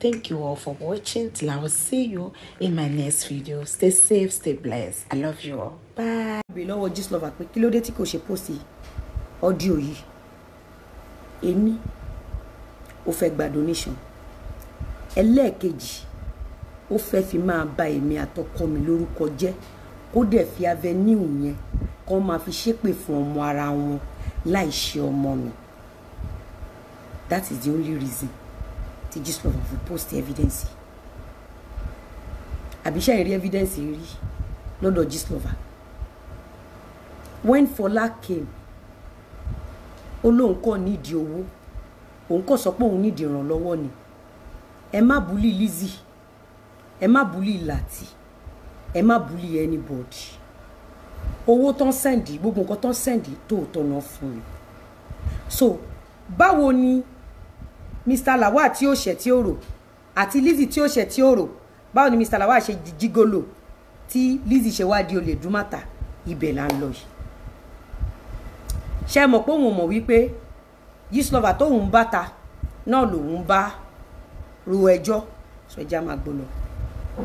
Thank you all for watching. Till I will see you in my next video. Stay safe, stay blessed. I love you all. Bye. Below this lover pé kí ló dé tí kò ṣe post audio yìí. Ẹni ó fẹ́ gba donation. Ẹlẹ́ẹ̀kejì ó fẹ́ fi máa ba èmi àtọkọ mi lórúkọ jẹ́ kó dẹ̀ fi avenue yẹn kó máa fi ṣépè fún ọmọ ara wọn láì ṣe ọmọ mi. That is the only reason tí Gistlover fi post evidence àbí ṣe rí evidence rí lọ́dọ̀ lover. when Fola came ó lóun kọ́ nídìí owó òun kò sọ pé òun nídìí ìrànlọ́wọ́ ni ẹ má bully Lizzy ẹ má bully Lati ẹ má bully anybody owó tán sẹ́ǹdì gbogbo nǹkan ton sẹ́ǹdì tóòtọ́ náà fún mi so báwo ni mr lawal tí ó ṣẹ̀ tí ó rò àti lizzy tí ó ṣẹ̀ tí ó rò báwo ni mr lawal ṣe jígolo tí lizzy ṣe wá di olè dúmọ̀tà ibẹ̀ là ń lọ yìí ṣe mọ̀ pé òun mọ̀ wípé gíslọ́fà tóun bá ta náà lòun bá ro ẹjọ́ sọjá máa gbọ́ lọ.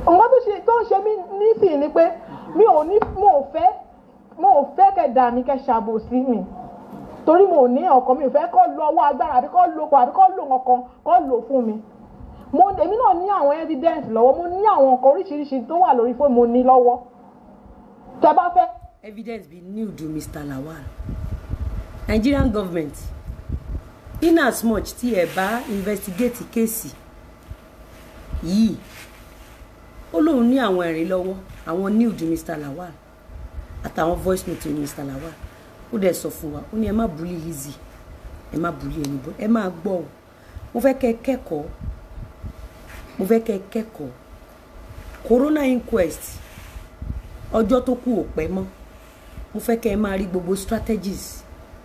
nǹkan tó ṣe tó ń ṣe mí nísìnyí ni pé mi ò ní mo fẹ́ mo fẹ́ kẹ̀ dà mí kẹ̀ ṣàbòsí mi torí mo ní ọkàn mi ò fẹ́ kọ́ lo ọwọ́ agbára àbí kọ́ lo ọkọ̀ àbí kọ́ lo ọkàn kọ́ lo fún mi mo èmi náà ní àwọn evidence lọ́wọ́ mo ní àwọn nǹkan oríṣiríṣi tó wà lórí fóònù mo ní lọ́wọ́ tẹ bá fẹ́. evidence be new to Mr. Lawal Nigerian government in as much tí ẹ bá investigate kéèsì yìí ó lóun ní àwọn ẹ̀rí lọ́wọ́ àwọn new to Mr. Lawal àtàwọn voice note to Mr. Lawal ó dẹ̀ sọ fún wa ó ní ẹ má bully Lizzy ẹ má bully anybody ẹ máa gbọ́ o mo fẹ́ kẹ́ kẹ́kọ̀ọ́ mo fẹ́ kẹ́ kẹ́kọ̀ọ́ corona inquest ọjọ́ tó kù ò pẹ́ mọ́ mo fẹ́ kẹ́ ẹ máa rí gbogbo strategies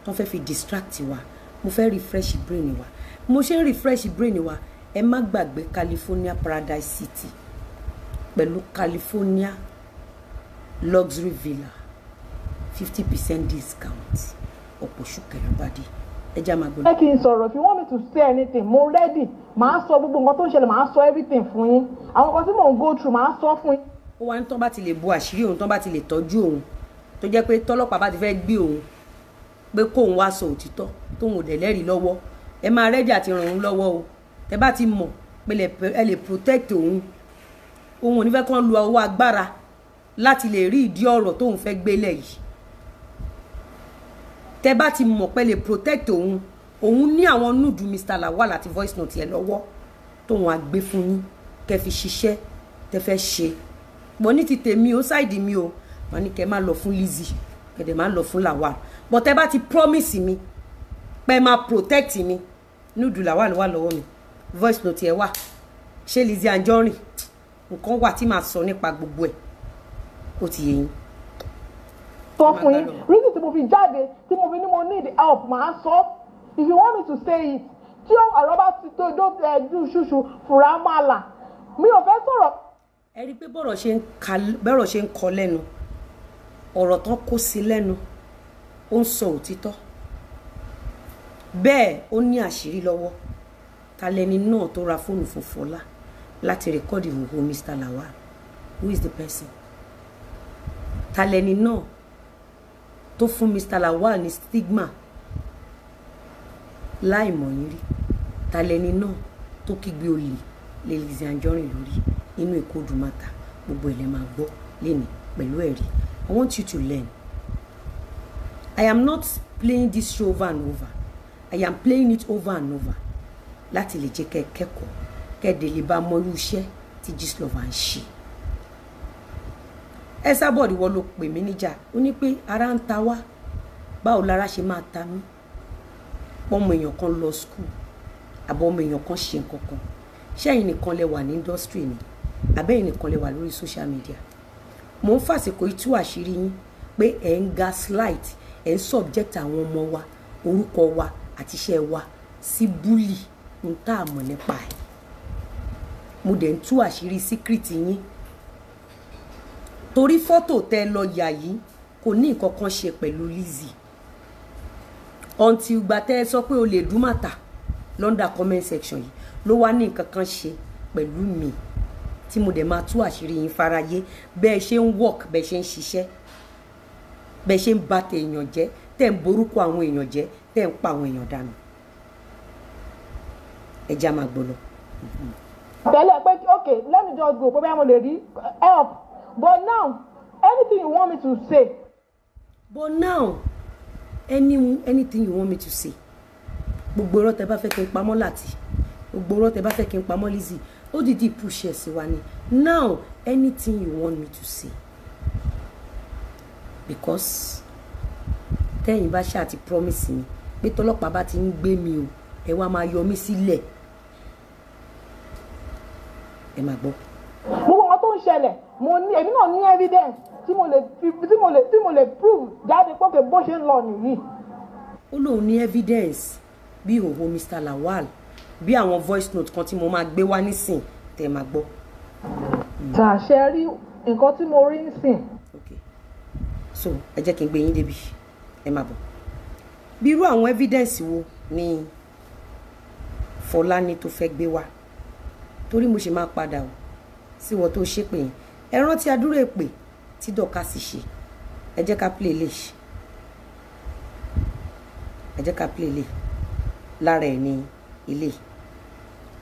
wọ́n fẹ́ fi distract wa mo fẹ́ refresh brain wa mo ṣe ń refresh brain wa ẹ má gbàgbé California Paradise City pẹ̀lú California luxury villa fifty percent discount ọ̀pọ̀ ṣùkẹ́rẹ́ bàdí ẹja máa gbọ́dọ̀. ẹ kì í sọ̀rọ̀ if you want me to say anything mo ready màá sọ gbogbo nǹkan tó ń ṣẹlẹ̀ màá sọ everything fún yín àwọn nǹkan tí mò ń go through màá sọ fún yín. ó wá ní tán bá ti lè bo àṣírí òun tán bá ti lè tọ́jú òun tó jẹ́ pé tọ́lọ́pàá bá ti fẹ́ gbé òun pé kóun wá sọ òtítọ́ tóun ò dẹ̀ lẹ́rìí lọ́wọ́ ẹ máa rẹ́dí àti ràn òun lọ́wọ́ o tẹ bá ti mọ̀ pé ẹ lè protect òun òun ò ní fẹ́ kán lu ọwọ́ agbára láti lè rí ìdí ọ̀rọ̀ tóun fẹ́ gbélé yìí tẹ́ bá ti mọ̀ pé lè protect òun òun ní àwọn núdù Mr Lawal àti voice note yẹn lọ́wọ́ tóun àgbé fún yín kẹ́ fi ṣiṣẹ́ tẹ́ fẹ́ ṣe mo ní ti tèmi ó ṣáìdì mi o mo ní kẹ́ máa lọ fún Lizzy kẹ̀dẹ̀ máa lọ fún Lawal but tẹ́ bá ti promise mi pé máa protect mi núdù Lawal wà lọ́wọ́ mi voice note yẹn wà ṣé Lizzy Anjorin nǹkan wà tí màá sọ nípa gbogbo ẹ̀ ó ti yẹ yín sọ fún yín reason tí mo fi jáde tí mo fi ní mo need help màá sọ if you want me to say it tí ọ̀rọ̀ bá ti tó dún ṣùṣù fura máa là mi ò fẹ́ sọ̀rọ̀. ẹ rí i pé bọ́rọ̀ ṣe ń kọ lẹ́nu ọ̀rọ̀ tán kó sí lẹ́nu ó ń sọ òtítọ́ bẹ́ẹ̀ ó ní àṣírí lọ́wọ́ ta náà tó ra fóònù fún Fọlá láti rẹ́kọ́ọ̀dì ìhòòhò Mr. Lawal who is the person ta lẹni náà tó fún Mr Lawal ní stigma láì mọ̀yìn rí talẹ́ni náà tó kígbe olè lè Lizzy Anjorin lórí nínú Èkó Dùmátà gbogbo ẹ̀ máa gbọ́ lẹ́nìí pẹ̀lú ẹ̀rí I want you to learn I am not playing this show over and over I am playing it over and over láti lè jẹ́ kẹ́ kẹ́kọ̀ọ́ kẹ́ délé bá mọ́rú iṣẹ́ tí Gistlover ń ṣe ẹ sábọ̀ ìwọ ló pè mí níjà ó ní pé ara ń ta wá báwo lára ṣe máa ta mí ọmọ èèyàn kan lọ skul àbọ̀ ọmọ èèyàn kan ṣe nǹkan kan ṣẹ́yìn nìkan lẹ wà ní indọ́sítírì ni àbẹ́yìn nìkan lẹ wà lórí social media mò ń fàsìkò itú àṣírí yín pé ẹ̀ ń gaslight ẹ̀ ń subject àwọn ọmọ wa orúkọ wa àti iṣẹ́ wa sí búlì ń tá àmọ̀ nípa ẹ̀ mo dẹ̀ ń tú àṣírí síkírìtì yín torí fọ́tò tẹ lọ yà yìí kò ní nǹkan kan ṣe pẹ̀lú Lizzy until ìgbà sọ pé o lè dùn lọ́ndà comment section yìí ló wá ní nǹkan kan ṣe pẹ̀lú mi tí mo dẹ̀ máa tú àṣírí yín fáráyé bẹ́ẹ̀ ṣe ń work bẹ́ẹ̀ ṣe ń ṣiṣẹ́ bẹ́ẹ̀ ṣe ń ba tèèyàn jẹ́ tẹ̀ ń borúkọ àwọn èèyàn jẹ́ tẹ̀ ń pa àwọn èèyàn dànù ẹja máa gbọ́ lọ. àtẹ̀lẹ́ pé ok let me just pé bí wọ́n lè rí help but now anything you want me to say. but now any anything you want me to say gbogbo irọ́ tẹ bá fẹ́ kí n pamọ́ láti gbogbo irọ́ tẹ bá fẹ́ kí n pamọ́ Lizzy ó dìdí push ẹ̀ sí wa ni now anything you want me to say because tẹ́yìn bá ṣáà ti promise mi pé tọ́lọ́pàá bá ti ń gbé mi o ẹ wá máa yọ mí sílẹ̀ ẹ máa gbọ́. mo ń ṣẹlẹ̀ mo ní èmi náà ní evidence tí mo lè tí mo lè tí mo lè prove jáde pọ́kẹ́ bó ṣe ń lọ nìyí. ó lóun ní evidence bí ìhòòhò Mr. Lawal bí àwọn voice note kan tí mo máa gbé wá nísìn tẹ́ máa gbọ́. tàṣẹ rí nǹkan tí mo rí nísìn. so ẹ jẹ́ kí n gbé yín débi ẹ máa bọ̀ bí irú àwọn evidence wo ni Fọlá ní tó fẹ́ gbé wá torí mo ṣe máa padà o sí wọ́n tó ṣépè yẹn ẹ rántí adúrò èpè tí dọ̀kásì ṣe ẹ jẹ́ ká play lè ẹ jẹ́ ká play lè lára ẹ̀ ní ilé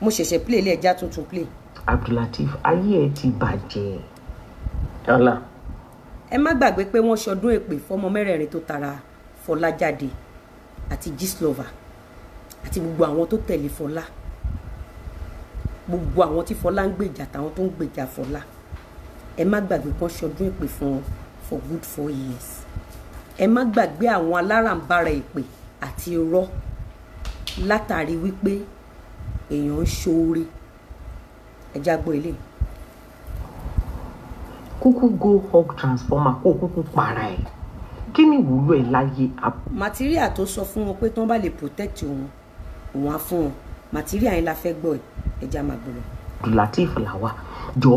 mo ṣẹ̀ṣẹ̀ play lè ẹja tuntun play. Abdulateef ayé ẹ ti bàjẹ́ ọlá. ẹ má gbàgbé pé wọ́n ṣọdún èpè fọmọ mẹ́rẹ̀ẹ̀rin tó tara Fọlá jáde àti Gistlover àti gbogbo àwọn tó tẹ̀lé Fọlá gbogbo àwọn tí fọlá ń gbèjà àtàwọn tó ń gbèjà fọlá ẹ má gbàgbé kán ṣọdún ìpè fún wọn for good four years ẹ má gbàgbé àwọn alárànbarà ìpè àti irọ́ látàrí wípé èèyàn ń ṣoore ẹ jágbó ilé. kúkú go hawk transformer kó kúkú para ẹ kí ni ìwúlò ẹ láyé. màtíríà tó sọ fún wọn pé tí wọn bá lè protect òun òun á fún wọn màtíríà yẹn la fẹ́ gbọ́ ẹ̀ ẹja máa gbọ́ lọ. Lateef làwà jọ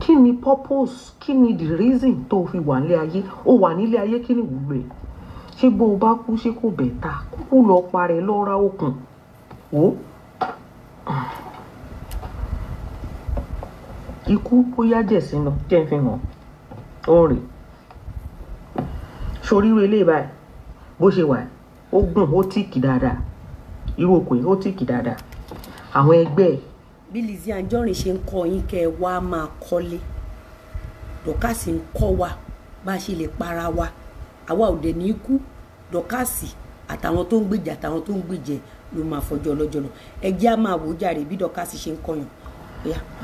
kí ni purpose kí ni the reason tó fi wà nílé ayé ó wà nílé ayé kí ni wúlò ẹ̀ ṣé bó o bá kú ṣé kò bẹ̀ ta kúkú lọ parẹ́ lọ ra okùn o ikú bóyá jẹ̀sìn lọ jẹ́ fi hàn ó rèé soríro eléyìí báyìí bó ṣe wà ó gùn ó tíìkì dáadáa irú okùn yìí ó tíìkì dáadáa àwọn ẹgbẹ́ ẹ̀. bí Lizzy Anjorin ṣe ń kọ yín kẹ́ ẹ wá máa kọ́lé dọ́kàsì ń kọ́ wa bá a ṣe lè para wa àwa ò dẹ̀ ní í kú dọ́kàsì àtàwọn tó ń gbèjà àtàwọn tó ń gbèjẹ ló máa fọjọ́ ọlọ́jọ́ lọ ẹ jẹ́ á máa wò ó jàre bí dọ́kàsì ṣe ń kọyàn.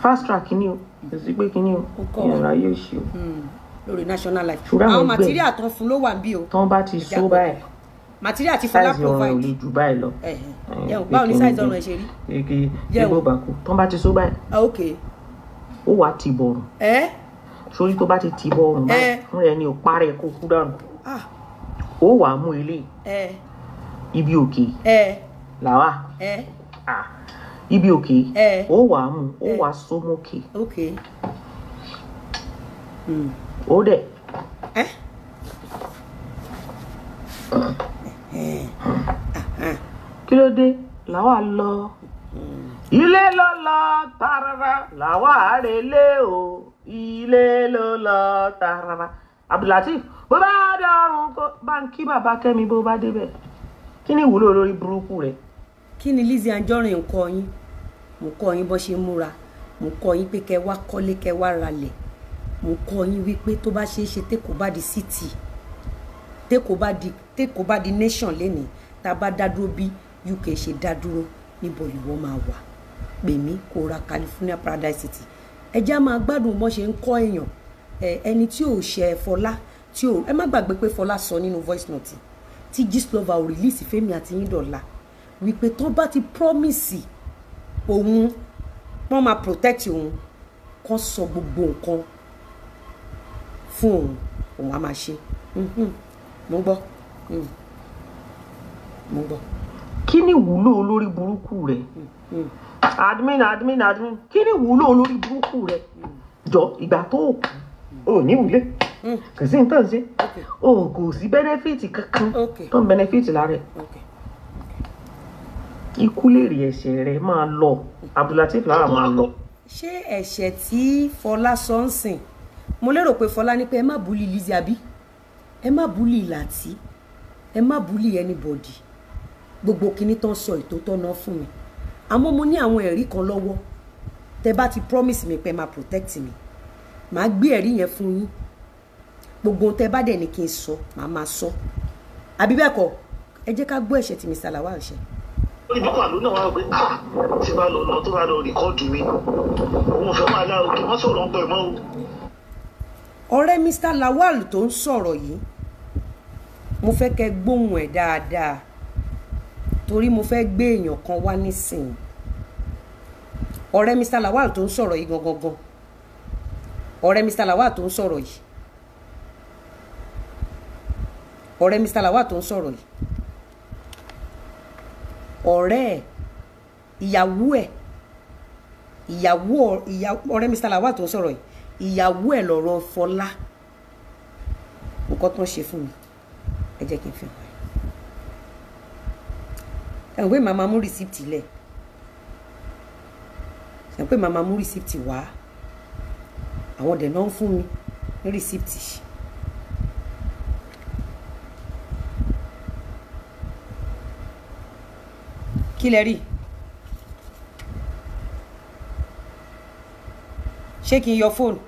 fast track kìíní o kò sí pé kìíní o ìrìnà yóò ṣe o. Hmm. lórí national life àwọn màtíríà tán fún ló wà bí o. tán bá ti só báyìí material ti Fọlá provide. size ọrùn lè jù báyìí lọ. yẹn o báwo ni size ọrùn ẹ ṣe rí. kéèké ebó bá kú tó bá ti so báyìí. Ah, ok. ó wàá ti bọ̀rùn. ẹ. sórí tó bá ti ti bọ̀rùn báyìí fún ẹni ò parẹ́ kó kú dànù. Ah. ó wàá mú ilé. ibi òkè. làwà. ibi òkè. ó wàá mú ó wàá so mókè. Hmm. ó dẹ̀. Eh? kí ló dé làwa lọ ilé ló lọ tààràrà làwa àrèlé o ilé ló lọ tààràrà abdulateef bó bá dọrùn kó bá ń kí bàbá kẹ́mi bó bá débẹ̀ kí ni ìwúlò lórí burúkú rẹ. kí ni Lizzy Anjorin ń kọ́ yín mo kọ́ yín bó ṣe múra mo kọ́ yín pé kẹ́ wá kọ́lé kẹ́ wá ralẹ̀ mo kọ́ yín wípé tó bá ṣeé ṣe tẹ́kọ̀ọ́ bá di síìtì tẹ́kọ̀ọ́ bá di tèkó bá di nation lénìí tá a bá dá dúró bí UK ṣe dá dúró níbo ìwọ máa wà pè mí kó ra California Paradise City ẹjẹ́ a máa gbádùn bọ́n ṣe ń kọ́ èèyàn ẹni tí ò ṣe Fọlá tí ò ẹ má gbàgbé pé Fọlá sọ nínú voice note tí Gistlover ò release Fẹ́mi àti yín dọ̀la wípé tó bá ti promise òun wọ́n máa protect òun kán sọ gbogbo nǹkan fún òun òun á máa ṣe mo gbọ́. Hmm. kí ni ìwúlò olórí burúkú rẹ hmm. Hmm. admin admin admin kí ni ìwúlò olórí burúkú rẹ jọ ìgbà tó o kù o ní ìwúlẹ̀ kò sí nǹkan ṣe o kò sí bẹ́nẹ́fìtì kankan tó ń bẹ́nẹ́fìtì lára ẹ̀ ikú lèrè ẹ̀ṣẹ̀ rẹ máa lọ Abdulateef Lará máa lọ. ṣé ẹ̀ṣẹ̀ tí Fọlá sọ ń sìn mo lérò pé Fọlá ní pé ẹ má bú Lizzy àbí ẹ má bú Lizzy ẹ má búlì anybody gbogbo kinní tán sọ ìtótọ́ náà fún mi àmọ́ mo ní àwọn ẹ̀rí kan lọ́wọ́ tẹ bá ti promise mi pé máa protect mi màá gbé ẹ̀rí yẹn fún yín gbogbo ohun tẹ bá dẹ̀ ní kí n sọ màá máa sọ àbí bẹ́ẹ̀ kọ́ ẹ jẹ́ ká gbọ́ ẹ̀ṣẹ̀ tí Mr. Lawal ṣe orí àlọ́ náà wá pé ah tí bá lọ lọ tó bá lọ rìkọ́ọ̀dù mi òun fẹ́ máa lá òkè wọ́n sọ̀rọ̀ ń mọ́ ọ̀rẹ́ Mr. Lawal tó ń sọ̀rọ̀ yìí mo fẹ́ kẹ́ gbóhùn ẹ̀ dáadáa torí mo fẹ́ gbé èèyàn kan wá nísìnyí ọ̀rẹ́ Mr Lawal tó ń sọ̀rọ̀ yìí gangan ọ̀rẹ́ Mr Lawal tó ń sọ̀rọ̀ yìí ọ̀rẹ́ Mr Lawal tó ń sọ̀rọ̀ yìí ọ̀rẹ́ ẹ̀ ìyàwó ẹ̀ ìyàwó ọ̀rẹ́ Mr Lawal tó ń sọ̀rọ̀ yìí ìyàwó ẹ̀ lọ̀rọ̀ Fọlá nǹkan tó ń ṣe fún mi ẹ jẹ́ kí n fi hàn ẹ wọ́n pé màmá mú receipt lẹ̀ ẹ pé màmá mú receipt wá àwọn dẹ̀ náà ń fún mi ní receipt kí lẹ rí ṣé kí n yọ fóònù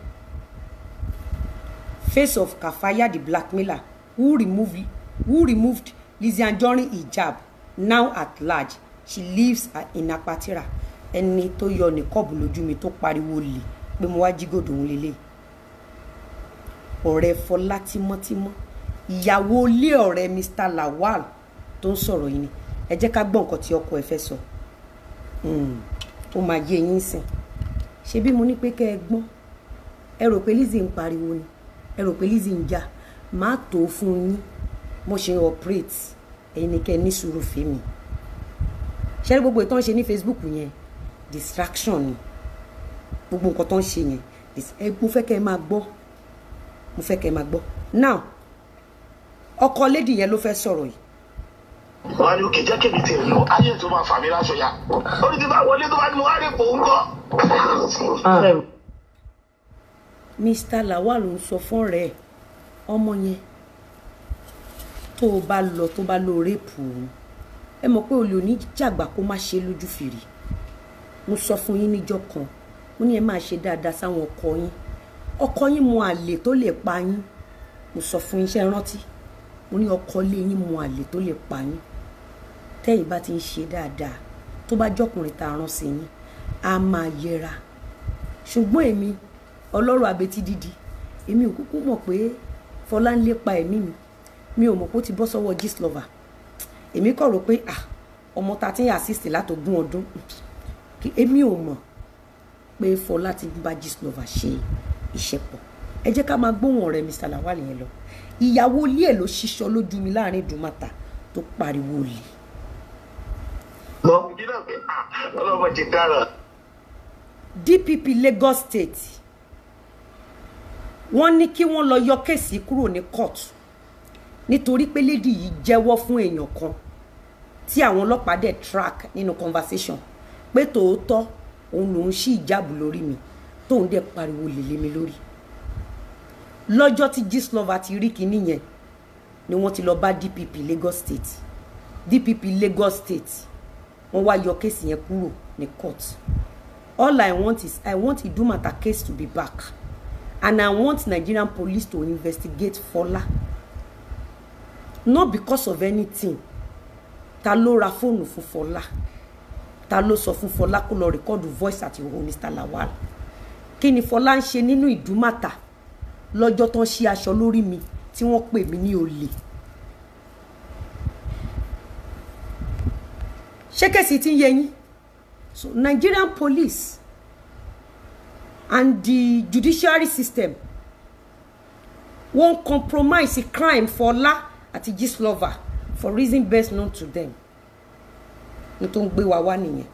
face of Kafaya the blackmailer who remove who removed Lizzy Anjorin hijab now at large she lives in Apatira ẹni tó yọ nìkọ́ọ̀bù lójú mi tó pariwo lè pé mo wá jígòdò òun lélẹ̀ ọ̀rẹ́ Fọlá tímọ́tímọ́ ìyàwó ilé ọ̀rẹ́ Mr Lawal tó ń sọ̀rọ̀ yìí ni ẹ jẹ́ ká gbọ́ nǹkan tí ọkọ ẹ fẹ́ sọ hmm, ó máa yé yín sìn ṣebí mo ní pé kẹ́ ẹ gbọ́n ẹ rò pé Lizzy ń pariwo ni ẹ rò pé Lizzy ń jà má tó fún yín mo ṣe operate ẹ̀yin ni kẹ́ ẹ ní sùúrù fèmí ṣé ní gbogbo ìtàn ṣe ní Facebook yẹn distraction ni gbogbo nǹkan tó ń ṣe yẹn mo fẹ́ kẹ́ ẹ máa gbọ́ mo fẹ́ kẹ́ ẹ máa gbọ́ now ọkọ lady yẹn ló fẹ́ sọ̀rọ̀ yìí wọ́n ní òkè jẹ́ kébì tèmi lọ ayé tó máa fà mí láṣọ ya orí ti bá wọlé tó bá ní mo wá rí ipò ń kọ́. Ah. Mr. Lawal ń sọ fún rẹ̀ ọmọ yẹn tó o bá lọ tó bá lọ rèpù òun ẹ mọ̀ pé olè òní jàgbà kó má ṣe lójú fìrí mo sọ fún yín níjọ́ kan mo ní ẹ máa ṣe dáadáa sáwọn ọkọ yín ọkọ yín mu àlè tó lè pa yín mo sọ fún yín ṣe rántí mo ní ọkọ lé yín mu àlè tó lè pa yín tẹ́yìn bá ti ń ṣe dáadáa tó bá jọkùnrin tá a sí yín a máa yẹra ṣùgbọ́n èmi ọlọ́rọ̀ abetí dídi èmi ò kúkú mọ̀ pé Fọlá ń ẹ̀mí mi mi ò mọ̀ pé ó ti bọ́ sọ́wọ́ gist lover èmi kọ̀ rò pé ah ọmọ ta ti ń assist látọ̀gún ọdún èmi ò mọ̀ pé Fọlá ti bá gist lover ṣe ìṣẹ́pọ̀ ẹ jẹ́ ká máa gbóhùn ọ̀rẹ́ Mr. Lawal yẹn lọ ìyàwó ilé ẹ̀ ló ṣiṣọ́ lójú mi láàrin ìdùnmọ̀ta tó pariwo lè. DPP Lagos State wọ́n ní kí wọ́n lọ yọ kéèsì kúrò ní kóòtù nítorí pé lady yìí jẹ́wọ́ fún èèyàn kan tí àwọn ọlọ́pàá dẹ̀ track nínú conversation pé tòótọ́ òun lòun ṣì ìjáàbù lórí mi tóun dẹ̀ pariwo lèlé mi lórí lọ́jọ́ tí Gistlover ti rí kinní yẹn ni wọ́n ti lọ bá DPP Lagos State DPP Lagos State wọ́n wá yọ kéèsì yẹn kúrò ní court all I want is I want Idumata case to be back and I want Nigerian police to investigate Fola not because of anything ta ló ra fóònù fún Fọlá ta ló sọ fún Fọlá kó lọ rìkọ́dù voice àti ìhòòhò Mr Lawal kí ni Fọlá ń ṣe nínú ìdúmàtà lọ́jọ́ tán ṣí mi tí wọ́n pè mí ní olè ṣé kẹ́sì ti ń so Nigerian police and the judiciary system won't compromise crime for For àti gist lover for reason best known to them ní tó ń gbé wa wá nìyẹn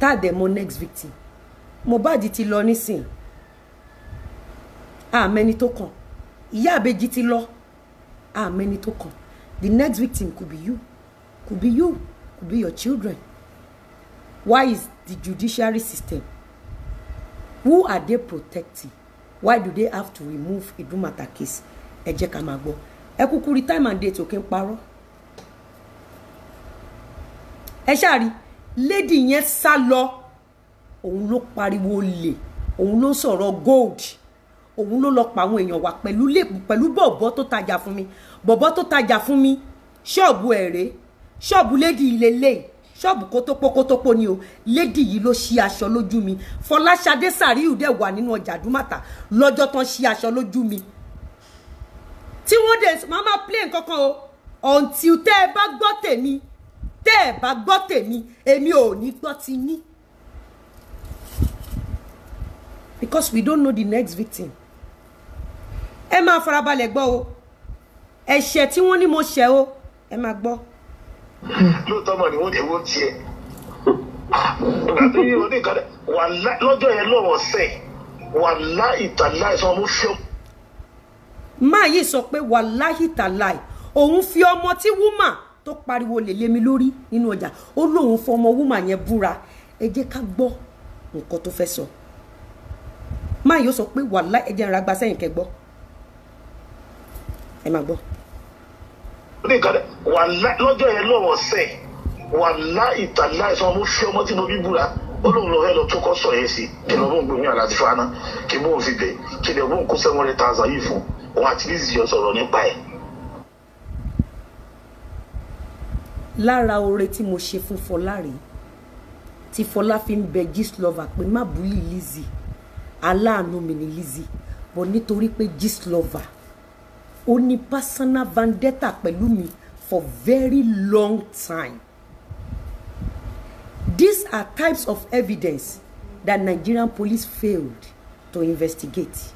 tá a dẹ̀ mọ next victim Mohbad ti lọ nísìn àmẹ́ni tó kàn ìyá àbèjì ti lọ àmẹ́ni tó kàn the next victim could be you could be you could be your children why is the judiciary system who are they protecting why do they have to remove Idumata case ẹ jẹ́ ká máa gbọ́ ẹ kúkú rí time and date òkè ń parọ́ ẹ ṣáà rí lady yẹn sá lọ òun ló pariwo olè òun ló sọ̀rọ̀ gold òun ló lọ pa àwọn èèyàn wá pẹ̀lú pẹ̀lú bọ̀bọ̀ tó tajà fún mi bọ̀bọ̀ tó tajà fún mi ṣọ́ọ̀bù ẹ̀rẹ́ ṣọ́ọ̀bù lady ilé lẹ́yìn ṣọ́ọ̀bù kótópókótópó ni o lédì yìí ló ṣí aṣọ lójú mi fọláṣadé sàríù dẹ̀ wà nínú ọjà dúmàtà lọ́jọ́ tán ṣí aṣọ lójú mi wọ́n dẹ̀ máa máa play nǹkan o until tẹ́ ẹ bá gbọ́ tèmi tẹ́ ẹ bá gbọ́ tèmi èmi ò ní gbọ́ ti ní. because we don't know the next victim. ẹ máa farabalẹ̀ gbọ́ o ẹ̀ṣẹ̀ tí wọ́n ní mo ṣẹ̀ o ẹ máa gbọ́. lóòótọ́ mọ̀ ni wọ́n jẹ́ wọ́n tiẹ̀ lọ́jọ́ yẹn lọ́wọ́ sẹ́ẹ̀ wàhálà ìtàláìsàn mo fi máa yìí sọ pé wàláhì tàláì òun fi ọmọ tí wúmà tó pariwo lè lé mi lórí nínú ọjà ó lóun fọmọ wúmà yẹn búra ẹ jẹ́ ká gbọ́ nǹkan tó fẹ́ sọ máa yóò sọ pé wàláhì ẹ jẹ́ ń ra gba sẹ́yìn kẹgbọ́ ẹ máa gbọ́. lọ́jọ́ yẹn lọ́wọ́ sẹ́ẹ̀ wàláhì tàláì sọ mo fi ọmọ tí mo bí búra ó lóun lọ fẹ́ lọ tó kọ́ sọ̀ yẹn sí kí lọ bóun gbóyún àlàtí fana kí bóun fi bẹ̀ kí lọ bóun kó seven hundred thousand yìí fún òun àti Lizzy yọ sọ̀rọ̀ nípa ẹ̀. lára oore tí mo ṣe fún Fọlá tí Fọlá fi ń bẹ Gistlover pé má bùlí Lizzy aláàánú mi ni Lizzy bọ̀ nítorí pé Gistlover ó ní personal vendetta pẹ̀lú mi for very long time These are types of evidence that Nigerian police failed to investigate.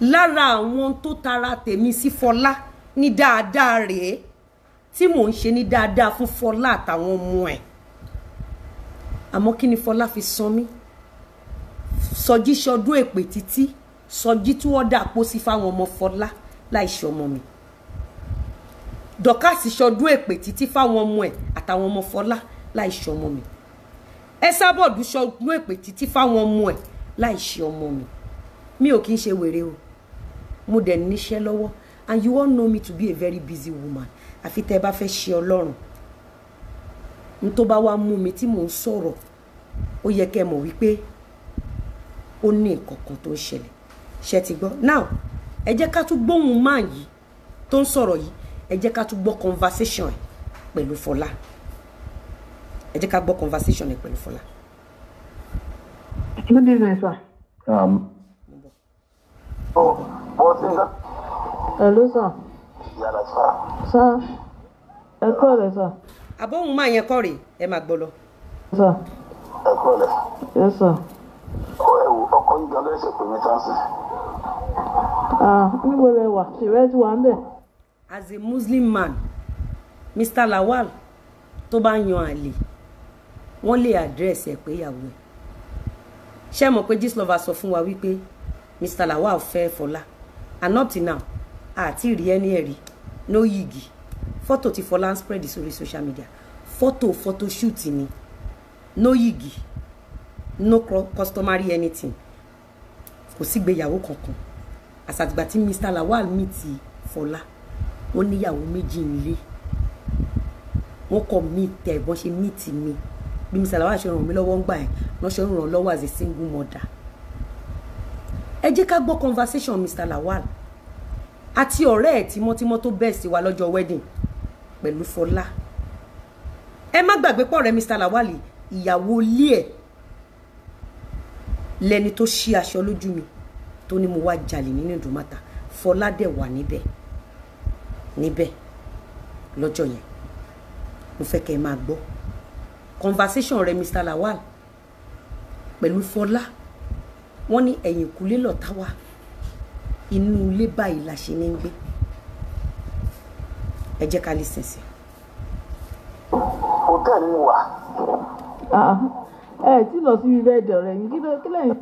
Lára àwọn tó tara tèmi sí Fọlá ní dáadáa rèé tí mò ń ṣe ní dáadáa fún Fọlá àtàwọn ọmọ ẹ̀ àmọ́ kí ni Fọlá fi san mí sọjí sọdún èpè títí sọjí tí wọ́n dà pósí fáwọn ọmọ Fọlá láì ṣe ọmọ mi dọ́kàsì ṣọdún èpè títí fáwọn ọmọ ẹ̀ àtàwọn ọmọ fọlá láì ṣe ọmọ mi ẹ sábọ̀dù ṣọdún èpè títí fáwọn ọmọ ẹ̀ láì ṣe ọmọ mi mi ò kí ń ṣe wèrè o mo dẹ̀ níṣẹ́ lọ́wọ́ and you all know me to be a very busy woman àfi tẹ́ ẹ bá fẹ́ ṣe ọlọ́run n tó bá wá mú mi tí mò ń sọ̀rọ̀ ó yẹ kẹ́ ẹ mọ̀ wípé ó ní nǹkan kan tó ń ṣẹlẹ̀ ṣe ti gbọ́ now ẹ jẹ́ ká tún gbóhùn máà yìí tó ń sọ̀rọ̀ yìí ẹ jẹ́ ká tún gbọ́ conversation ẹ̀ pẹ̀lú Fọlá ẹ jẹ́ ká gbọ́ conversation ẹ̀ pẹ̀lú Fọlá. good evening sir. Um, oh, what's it, sir? hello sir. yàrá sir. sir ẹ kọ́ ọ̀rẹ́ sir. àbóhùn máa yẹn kọ́ rèé ẹ máa gbọ́ lọ. sir. ẹ kọ́ ọ̀rẹ́. yes sir. ọkọ̀ yìí gan ló ṣe pè mí sáńsì. níbo lẹ wà ṣèwé wà ń bẹ̀ as a muslim man mr lawal tó bá yan àlè wọ́n lè àdírẹ́sì ẹ̀ pé ìyàwó ẹ̀ ṣé mọ̀ pé Gistlover sọ fún wa wípé mr lawal fẹ́ fọlá and up till now àti rí ẹni ẹ̀rí ló yìgì fọ́tò tí fọlá ń spread sórí social media fọ́tò fọ́tò shoot ni no yigi, no customary anything kò sígbéyàwó kankan àsàtìgbà tí mr lawal meet fọlá wọ́n níyàwó méjì nílé wọ́n kọ́ mí tẹ̀ bọ́n ṣe mí tì mí bí mi sàlàwà ṣe ràn mí lọ́wọ́ ń gbà yẹn wọ́n ń ràn lọ́wọ́ as a single mother. ẹ jẹ́ ká gbọ́ conversation Mr. Lawal àti ọ̀rẹ́ ẹ̀ tímọ́tímọ́ tó bẹ̀ sí wa lọ́jọ́ wedding pẹ̀lú Fọlá ẹ má gbàgbé pọ̀ rẹ̀ Mr. Lawal ìyàwó ilé ẹ̀ lẹni tó ṣí aṣọ lójú mi tó ní mo wá jalè nínú ìdùnmọ́ta Fọlá dẹ̀ wà níbẹ̀ níbẹ̀ lọ́jọ́ yẹn mo fẹ́ kẹ́ ẹ máa gbọ́ conversation rẹ Mr. Lawal pẹ̀lú Fọlá wọ́n ní ẹ̀yìnkùlé lọ̀tá wa inú ilé báyìí la ṣe ní gbé ẹ jẹ́ ká lè sẹ̀sẹ̀. hòtẹ́ẹ̀lì ni wà. Ah, ẹ tí lọ síbi bẹ́ẹ̀ dọ̀rẹ́ yín kí lẹ́yìn.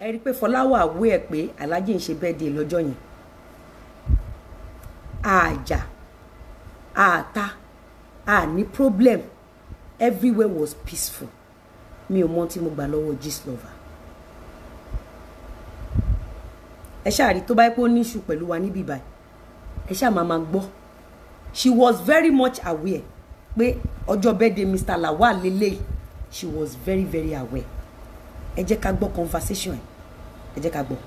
ẹ rí i pé Fọlá wà wé ẹ pé aláàjì ń ṣe bẹ́ẹ̀ dé lọ́jọ́ yẹn àjà àta àní problem everywhere was peaceful mi ò mọ tí mo gbà lọ́wọ́ Gistlover ẹ ṣáà rí tó bá pé ó ní iṣu pẹ̀lú wa níbí báyìí ẹ ṣáà máa máa gbọ́ she was very much aware pé ọjọ́ birthday Mr. Lawal lélẹ́yìí she was very very aware ẹ jẹ́ ká gbọ́ conversation ẹ ẹ jẹ́ ká gbọ́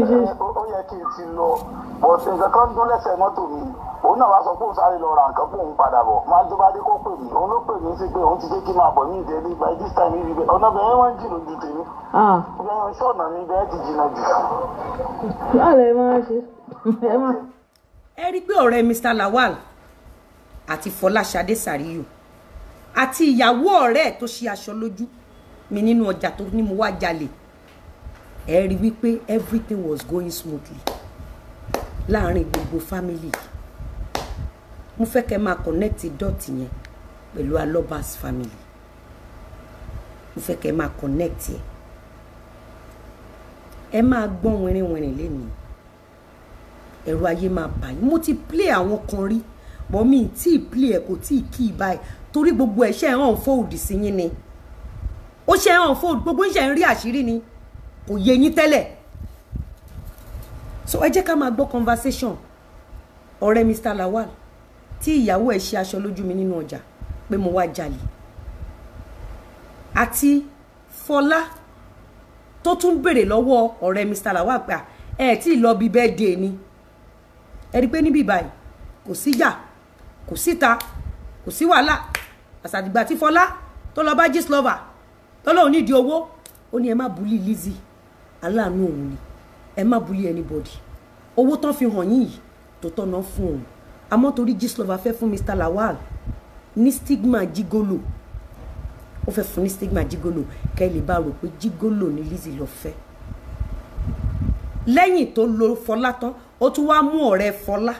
ó yẹ kí n ti lọ but nǹkan kan dún lẹ́sẹ̀ mọ́tò mi òun náà wá sọ pé òun sáré lọ ra nǹkan fún òun padà bọ̀ máa tó bá dé kó pè mí òun ló pè mí sí pé òun ti jẹ́ kí n máa bọ̀ ní ìdẹ́lí by this time ibi bẹ́ẹ̀ ọ̀nà bẹ̀rẹ̀ wọ́n jìnnà ju tèmi ah. bẹ́ẹ̀ ṣọ́ọ̀nà mi bẹ́ẹ̀ ti jìnnà jù. ẹ rí i pé ọ̀rẹ́ Mr Lawal àti Fọláṣadé Sàríyù àti ìyàwó ọ̀rẹ́ ẹ̀ tó ṣe aṣọ lójú mi nínú ọjà tó ní mo wá jalè ẹ rí wípé everything was going smoothly láàárín gbogbo family mo fẹ́ kẹ́ máa connect dot yẹn pẹ̀lú Aloba's family mo fẹ́ kẹ́ máa connect yẹn ẹ máa gbọ́n wìrìwìrì lénìí ẹ̀rọ ayé máa bà yín mo ti play àwọn kan rí bọ́ mi tí ì play ẹ̀ kò tí ì kí ì báyìí torí gbogbo ẹ̀ṣẹ̀ hàn fóòdì sí yín ni ó ṣe hàn fóòdì gbogbo ẹ̀ṣẹ̀ ń rí àṣírí ni kò yé yín tẹ́lẹ̀ so ẹ jẹ́ ká máa gbọ́ conversation ọ̀rẹ́ Mr Lawal tí ìyàwó ẹ̀ ṣe aṣọ lójú mi nínú ọjà pé mo wá jalè àti Fọlá tó tún béèrè lọ́wọ́ ọ̀rẹ́ Mr Lawal pé ẹ tí ì lọ bí bẹ́ẹ̀ dé ni ẹ rí i pé níbí báyìí kò síjà kò síta kò sí wàhálà àṣàdìgbà tí Fọlá tó lọ bá gíslọ́và tó lóun nídìí owó ó ní ẹ má bulí Lizzie aláàánú òun ni ẹ má bulí anybody owó tán fi hàn yín yìí tó tọ́nà fún òun àmọ́ torí Gistlover fẹ́ fún Mr Lawal ní stigma jigolo ó fẹ́ fún ní stigma jigolo kẹ́ ẹ lè bá rò pé jigolo ni Lizzy lọ fẹ́ lẹ́yìn tó lo Fọlá tán ó tún wá mú ọ̀rẹ́ Fọlá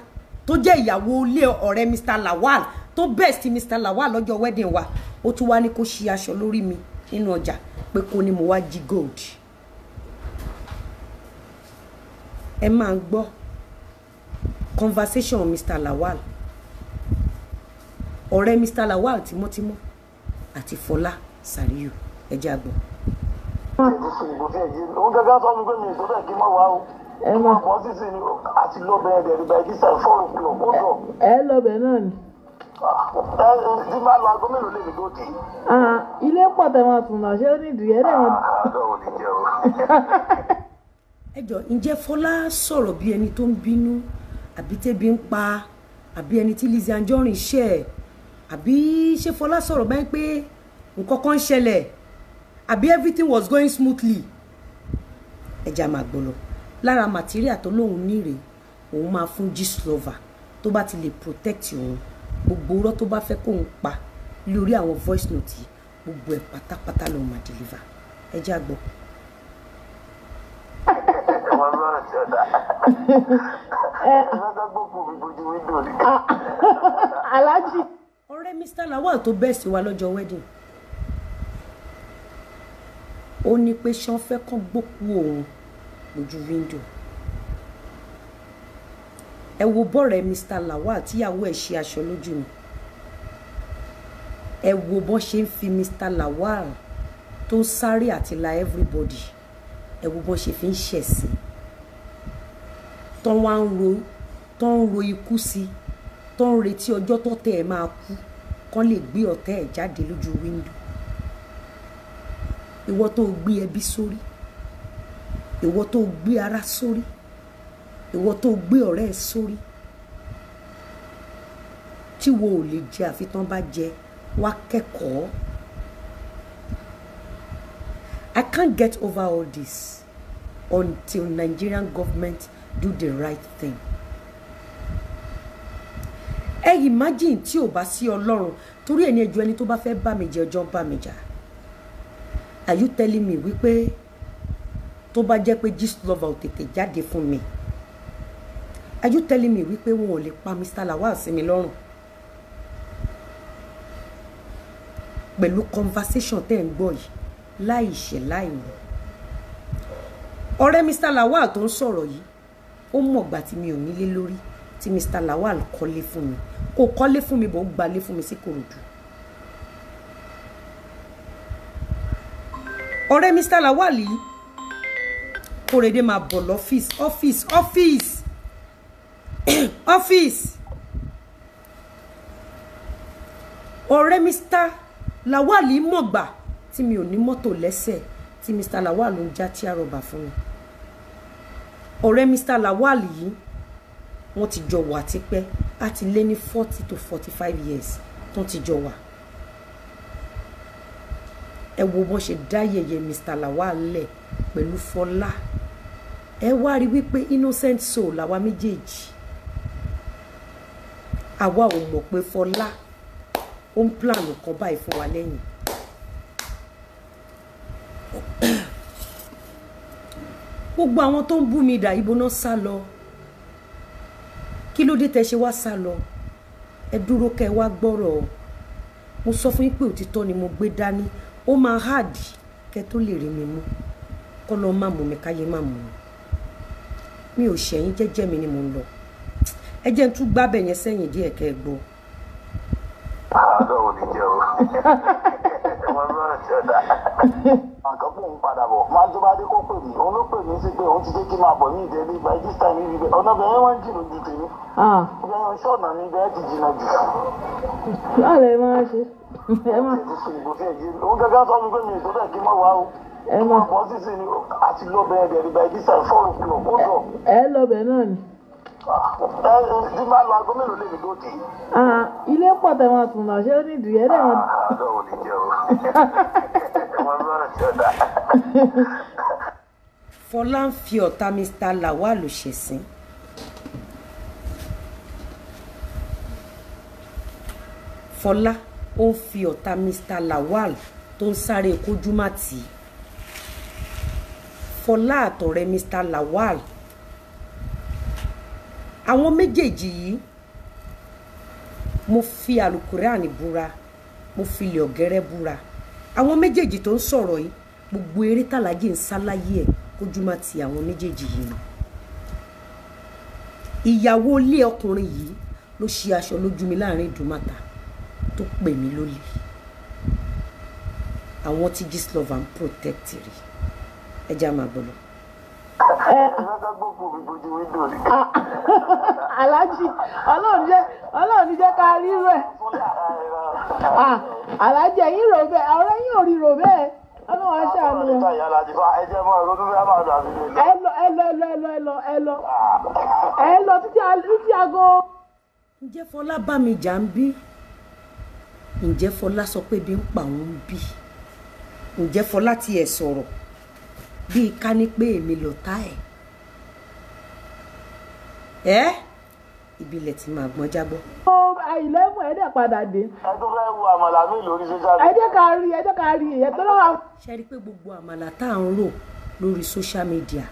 tó jẹ́ ìyàwó ilé ọ̀rẹ́ Mr Lawal tó best Mr Lawal lọ́jọ́ wedding wa ó tún wá ní kó ṣe aṣọ lórí mi nínú ọjà pé kó ní mo wá jí gold ẹ máa gbọ́ conversation Mr. Lawal ọ̀rẹ́ Mr. Lawal tímọ́tímọ́ àti Fọlá Sàríyù ẹ jẹ́ àgbọ̀. òun gẹ́gẹ́ sọ mi pé mi ìtọ́jú ẹ̀kí mọ́ wa o ẹ mọ ọkọ sísè ni àti lọbẹ ẹdẹ rí báyìí sísè fọlù kìlọ ó dọ. ẹ lọbẹ náà ni. Ah, ẹ ẹ ti máa lọ aago mélòó lè mi tó dé. Ah, ilé pọ̀ tẹ̀ máa ṣé ó ní ìdúyẹ́ náà. àádọ́ òní jẹ́ o. ẹ jọ ǹjẹ́ Fọlá sọ̀rọ̀ bí ẹni tó ń bínú àbí tẹ́bi ń pa àbí ẹni tí Lizzy Anjorin ṣẹ̀ àbí ṣé Fọlá sọ̀rọ̀ báyìí pé nǹkan kan ń àbí everything was going smoothly ẹja máa gbọ́ lára material tó lóun níre òun máa fún gist lover tó bá ti lè protect òun gbogbo irọ́ tó bá fẹ́ kóun pa lórí àwọn voice note yìí gbogbo ẹ̀ pátápátá lòun máa deliver ẹja gbọ́. Alaji. ọ̀rẹ́ mr lawal tó bẹ́ẹ̀ sí wa lọ́jọ́ wedding ó ní pé ṣan fẹ́ kán gbókú òun lójú wíńdò ẹ wo bọ́ọ̀rẹ́ mr lawal tíyàwó ẹ̀ ṣe aṣọ lójú mi ẹ wo bọ́n ṣe ń fi mr lawal tó ń sáré àti la everybody ẹ wo bọ́n ṣe fi ń ṣẹ̀ sí i tó wá ń ro tó ń ro ikú sí tó ń retí ọjọ́ tó tẹ̀ ẹ́ máa kú kán lè gbé ọ̀tẹ̀ ẹ̀ jáde lójú wíńdò ìwọ tó gbé ẹbí sórí ìwọ tó gbé ara sórí ìwọ tó gbé ọ̀rẹ́ ẹ sórí tí wo ò lè jẹ àfi bá jẹ wá kẹ́kọ̀ọ́ I can't get over all this until Nigerian government do the right thing ẹ hey, imagine tí ò bá sí ọlọ́run torí ẹni ẹjọ́ ẹni tó bá fẹ́ bá mi jẹ ọjọ́ bá mi jà are you telling me wípé tó bá jẹ́ pé gist lover ò tètè jáde fún mi are you telling me wípé wọn ò lè pa Mr. Lawal sí mi lọ́rùn pẹ̀lú conversation tẹ́ ń gbọ́ yìí láì ṣe láì mọ̀ ọ̀rẹ́ Mr. Lawal tó ń sọ̀rọ̀ yìí ó mọ̀gbà tí mi ò nílé lórí tí Mr. Lawal kọ́lé fún mi kò kọ́lé fún mi bò ó gbalé fún mi sí Kòròdú. ọ̀rẹ́ Mr. Lawal yìí Kòrédé máa bọ̀ lọ́fíìsì ọ́fíìsì ọ́fíìsì ọ́fíìsì ọ̀rẹ́ Mr. Lawal mọ̀gbà tí mi ò ní mọ́tò lẹ́sẹ̀ tí Mr. Lawal ń já tíárọ̀bà fún mi ọ̀rẹ́ Mr Lawal yìí wọ́n ti jọ wà tipẹ́ á ti lé ní forty to forty five years tó ti jọ wà ẹ wo bọ́n ṣe dá yẹ̀yẹ́ Mr Lawal lẹ̀ pẹ̀lú Fọlá ẹ wá rí wípé innocent soul làwa méjèèjì àwa ò mọ̀ pé Fọlá ó ń plan nǹkan báyìí fún wa lẹ́yìn. gbogbo àwọn tó ń bú mi dà ibo náà sá lọ kí ló dé tẹ ṣe wá sá lọ ẹ dúró kẹ wá gbọ́rọ̀ mo sọ fún yín pé òtítọ́ ni mo gbé dání ó máa háàdì kẹ tó lè rí mi mú kọ́ lọ má mú mi káyé má mú mi ò ṣẹ̀yìn jẹ́jẹ́ mi ni mo ń lọ ẹ jẹ́ n tún gbábẹ̀ yẹn sẹ́yìn díẹ̀ kẹ́ ẹ gbọ́. àádọ́ ò ní jẹ́ o ẹ máa ń rántí ọ̀dà. nǹkan fún òun padà bọ̀ máa tó bá dé kó pè mí òun ló pè mí sí pé òun ti dé kí máa bọ̀ ní ìdẹ́lé by this time yìí bẹ́ẹ̀ ọ̀nà bẹ̀rẹ̀ wọ́n jìnnà ju tèmi ìbẹ̀rẹ̀ ah. wọn ṣọ̀nà mi bẹ́ẹ̀ ti jìnnà jù. báàlẹ̀ ẹ máa ṣe ẹ máa. òun gẹ́gẹ́ sọ mi pé mi ìtọ́ bẹ́ẹ̀ kí mọ̀ wá o ẹ máa bọ́ sísè ni àti lọ bẹ̀rẹ̀ dẹ̀rẹ̀ by this time fọ́ọ̀rù kùlọ̀ kó lọ. ẹ lọ bẹ̀ náà ni. Ah, ẹ ẹ ti máa lọ aago mélòó lè mi tó dé. Ah, ilé pọ̀ tẹ̀ wọn àtùnà ṣé ó ní ìdìyẹ́ dẹ̀ wọn. àádọ́ òní jẹ́ o. Fọlá ń fi ọ̀tá Mr. Lawal ṣẹ̀sín. Fọlá ó ń fi ọ̀tá Mr. Lawal tó ń sáré kójú má tì í. Fọlá àtọ̀rẹ́ Mr. Lawal. Àwọn méjèèjì yìí mo fi àlùkùrẹ́ àní búra mo fi lè ọ̀gẹ́rẹ́ búra àwọn méjèèjì tó ń sọ̀rọ̀ yìí gbogbo eré tàlàjì ń sáláyé ẹ̀ kójú má ti àwọn méjèèjì yìí ni ìyàwó ilé ọkùnrin yìí ló ṣe aṣọ lójú mi láàrin ìdúmọ̀tà tó pè mí lólè àwọn tí Gistlover and protect rí ẹ já máa gbọ́ lọ. aláàjì ọlọ́run jẹ́ ọlọ́run jẹ́ ká rí rẹ̀. alájẹ yín rò bẹ́ẹ̀ ọ̀rẹ́ yín ò rí rò bẹ́ẹ̀ ọlọ́run aṣọ àmì ẹ. ẹ lọ ẹ lọ ẹ lọ ẹ lọ ẹ lọ ẹ lọ títí aago. ǹjẹ́ fọlá bá mi jà ń bí ǹjẹ́ fọlá sọ pé bí ń pa òun bí ǹjẹ́ fọlá ti ẹ̀ sọ̀rọ̀ bíi ká ní pé èmi lọ tá ẹ̀ ẹ́ ìbílẹ̀ tí màá gbọ́n jágbọ́. ó eleven ẹ̀ẹ́dẹ̀ padà dé. ẹ tó fẹ́ wo àmàlà mi lórí social media. ẹ jẹ́ ká rí ẹ jẹ́ ká rí ìyẹn tó lọ́wọ́. ṣe rí i pé gbogbo àmàlà tá à ń rò lórí social media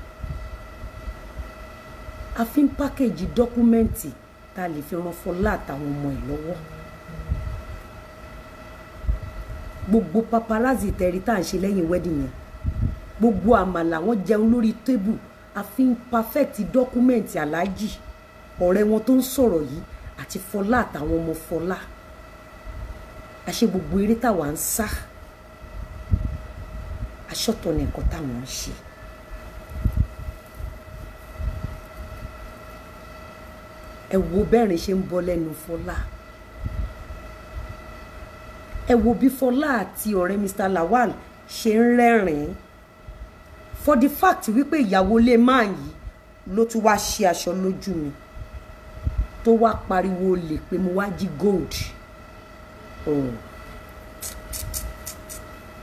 a fi ń pákéjì dọ́kúmẹ́ǹtì tá a lè fi ran Fọlá àtàwọn ọmọ ẹ̀ lọ́wọ́ gbogbo paparazzi tẹ̀rí tá à ń ṣe lẹ́yìn wedding yẹn gbogbo àmàlà wọn jẹun lórí tébù àfi ń perfect dọ́kúmẹ́ǹtì aláàjì ọ̀rẹ́ wọn tó ń sọ̀rọ̀ yìí àti fọlá àtàwọn ọmọ fọlá àṣẹ gbogbo eré táwa ń sá aṣọ́tọ̀ ní nǹkan táwọn ń ṣe. ẹ wo bẹ́ẹ̀rin ṣe ń bọ́ lẹ́nu fọlá ẹ wo bí fọlá àti ọ̀rẹ́ Mr. Lawal ṣe ń rẹ́rìn-ín for the fact wípé ìyàwó lè máa yìí ló tún wá ṣe aṣọ lójú mi tó wá pariwo olè pé mo wá jí gold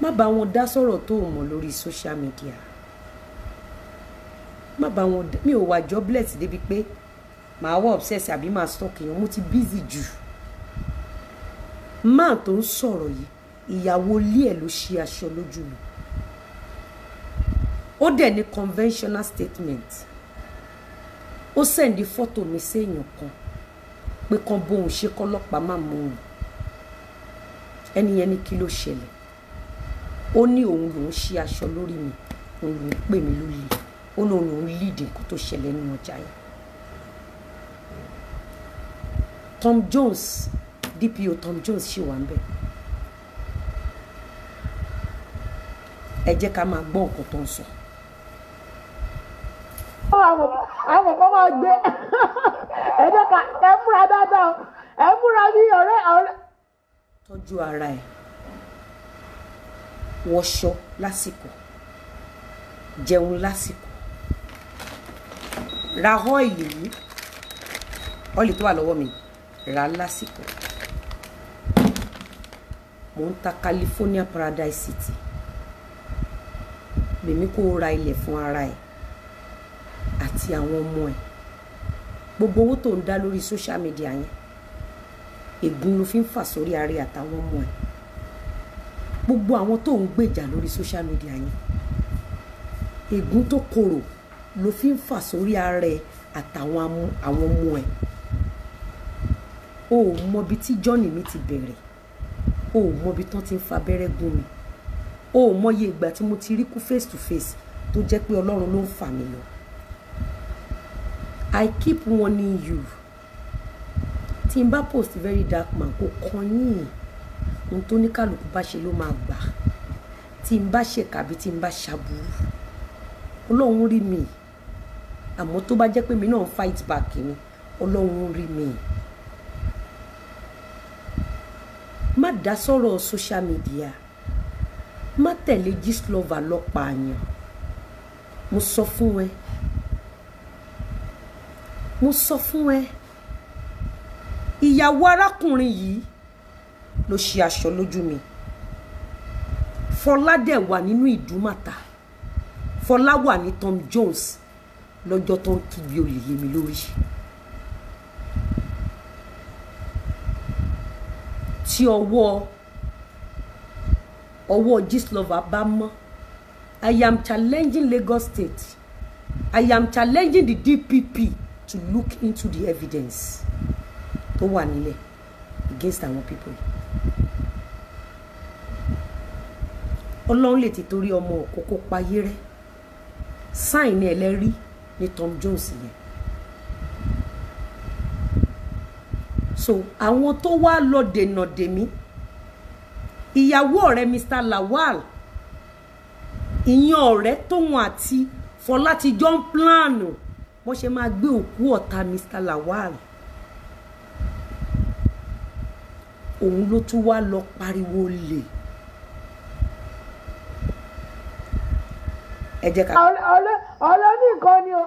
má bá wọn dá sọ̀rọ̀ tó o mọ̀ lórí social media má bá wọn mi ò wà jobless débi pé màá wọ obsess àbí màá stock èèyàn mo ti busy jù máà tó ń sọ̀rọ̀ yìí ìyàwó ilé ẹ̀ ló ṣe aṣọ lójú mi ó dẹ̀ ní conventional statement ó sẹ̀ndí fọ́tò mi séèyàn kan pé kán bóun ṣe kọ́lọ́pàá má mú un ẹni yẹn ní kí ló ṣẹlẹ̀ ó ní òun lòún ṣe aṣọ lórí mi òun lòún pè mí lóye ó ní òun lòún lídìí nǹkan tó ṣẹlẹ̀ nínú ọjà yẹn Tom Jones DPO Tom Jones ṣì wà ń bẹ̀ ẹ jẹ́ ká máa gbọ́ nǹkan tó ń sọ. ó wà wọ́n àwọn kan máa gbé ẹjọ́ ká ẹ múra dáadáa o ẹ múra bí ọ̀rẹ́ ọ̀rẹ́. tọ́jú ara ẹ̀ wọṣọ lásìkò jẹun lásìkò ra ọ́ìlì yìí ọ́ìlì tó wà lọ́wọ́ mi rà lásìkò mò ń ta California Paradise City gbèmí kó ra ilẹ̀ fún ara ẹ̀ àwọn ọmọ ẹ̀ gbogbo owó tó ń dá lórí social media yẹn ègún ló fi ń fà sórí ara àtàwọn ọmọ ẹ̀ gbogbo àwọn tó ń gbèjà lórí social media yẹn ègún tó korò ló fi ń fà sórí ara àtàwọn àwọn ọmọ ẹ̀ o ò mọbi tí johnny mi ti bẹ̀rẹ̀ o ò mọbi tán ti ń fa abẹ́rẹ́ gún mi o ò mọye ìgbà tí mo ti rí kú face to face tó jẹ́ pé ọlọ́run ló ń fà mí lọ I keep warning you tí post very dark man kò kàn yín ohun tó ní kálukú bá ṣe ló máa gbà tí n bá ṣèkà àbí ọlọ́run rí mi àmọ́ tó bá jẹ́ pé mi náà fight back ni ọlọ́run rí mi. má dá sọ̀rọ̀ social media má tẹ̀lé gist lover lọ pààyàn mo sọ fún ẹ mo sọ fún ẹ ìyàwó arákùnrin yìí ló ṣe aṣọ lójú mi fọlá dẹ̀ wà nínú ìdúmàtà fọlá wà ní Tom Jones lọ́jọ́ tó ń kígbe olè mi lórí. tí ọwọ́ ọwọ́ Gistlover bá mọ́ I am challenging Lagos State I am challenging the DPP to look into the evidence tó wà nílẹ̀ against àwọn people yìí. ọlọ́run lè ti torí ọmọ òkókó payé rẹ́ sáìn ẹlẹ́rí ní Tom Jones yẹn. so àwọn tó wá lọ dènà dèmí ìyàwó ọ̀rẹ́ Mr. Lawal ìyẹn ọ̀rẹ́ tóun àti Fọlá ti jọ ń pláànù. No wọ́n ṣe máa gbé òkú ọ̀tá Mr. Lawal òun ló tún wá lọ pariwo olè. ẹ jẹ́ ká. ọlọ́ní nǹkan ni o.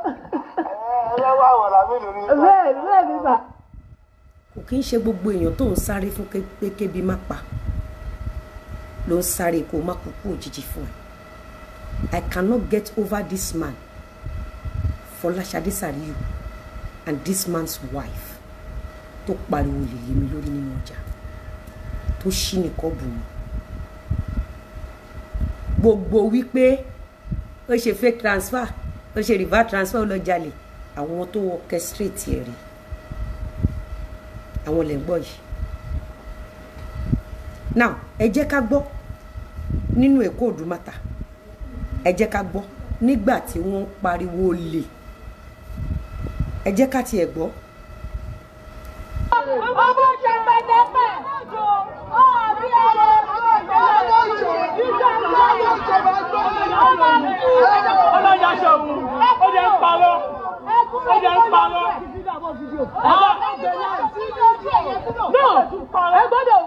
ẹlẹ́wà àwọn làmínú ni. bẹ́ẹ̀ bẹ́ẹ̀ bá. kò kí ń ṣe gbogbo èèyàn tó ń sáré fún pé kébi má pa ló ń sáré kó má kúkú òjijì fún ẹ I cannot get over this man For Fọláṣadé Sàríù and this man's wife tó pariwo lè yé mi lórí nínú ọjà tó ṣí nìkan bù mí gbogbo wípé ó ṣe fake transfer ó ṣe reverse transfer ó lọ jalè àwọn tó orchestrate ẹ̀ rí àwọn lè gbọ́ now ẹ jẹ́ ká gbọ́ nínú Èkó Òdùmátà ẹ jẹ́ ká gbọ́ nígbà tí pariwo lè ẹ jẹ́ ká tiẹ̀ gbọ́. ọmọ ṣe pẹtẹpẹ jò ó àbí ẹyẹ ọmọ jò ìjọba ọmọ jò ọlọ́jà ṣòwò ó jẹ́ ń parọ́ ó jẹ́ ń parọ́. No, ẹ gbọ́dọ̀ nǹkan ṣe é sọ́dọ̀ àwọn ènìyàn tó wọ̀. Yóò wá sílẹ̀ lọ́wọ́.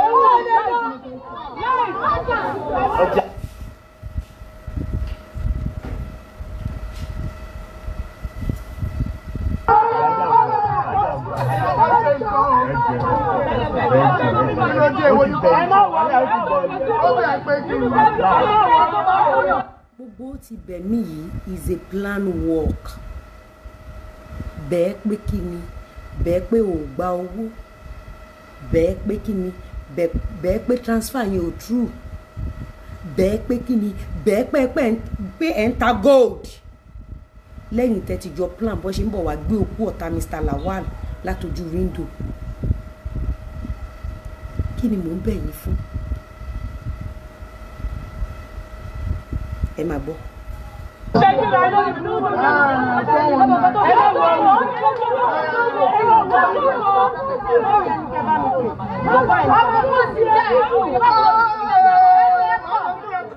Yóò wá sílẹ̀ lọ́wọ́. lójú èwo ní kò ó bẹ̀ pé kí ni. gbogbo ti bẹ̀ mí yìí is a plan work bẹ́ẹ̀ pé kí ni bẹ́ẹ̀ pé ò gba owó bẹ́ẹ̀ pé kí ni bẹ́ẹ̀ pé transfer yẹn ò true bẹ́ẹ̀ pé kí ni bẹ́ẹ̀ pé pé ẹ̀ ń ta gold lẹ́yìn tẹ́ ti jọ plan bó ṣe ń bọ̀ wá gbé òkú ọ̀tá Mr. Lawal látọjú window kí ni mò ń bẹ̀ yín fún? ẹ máa gbọ́. a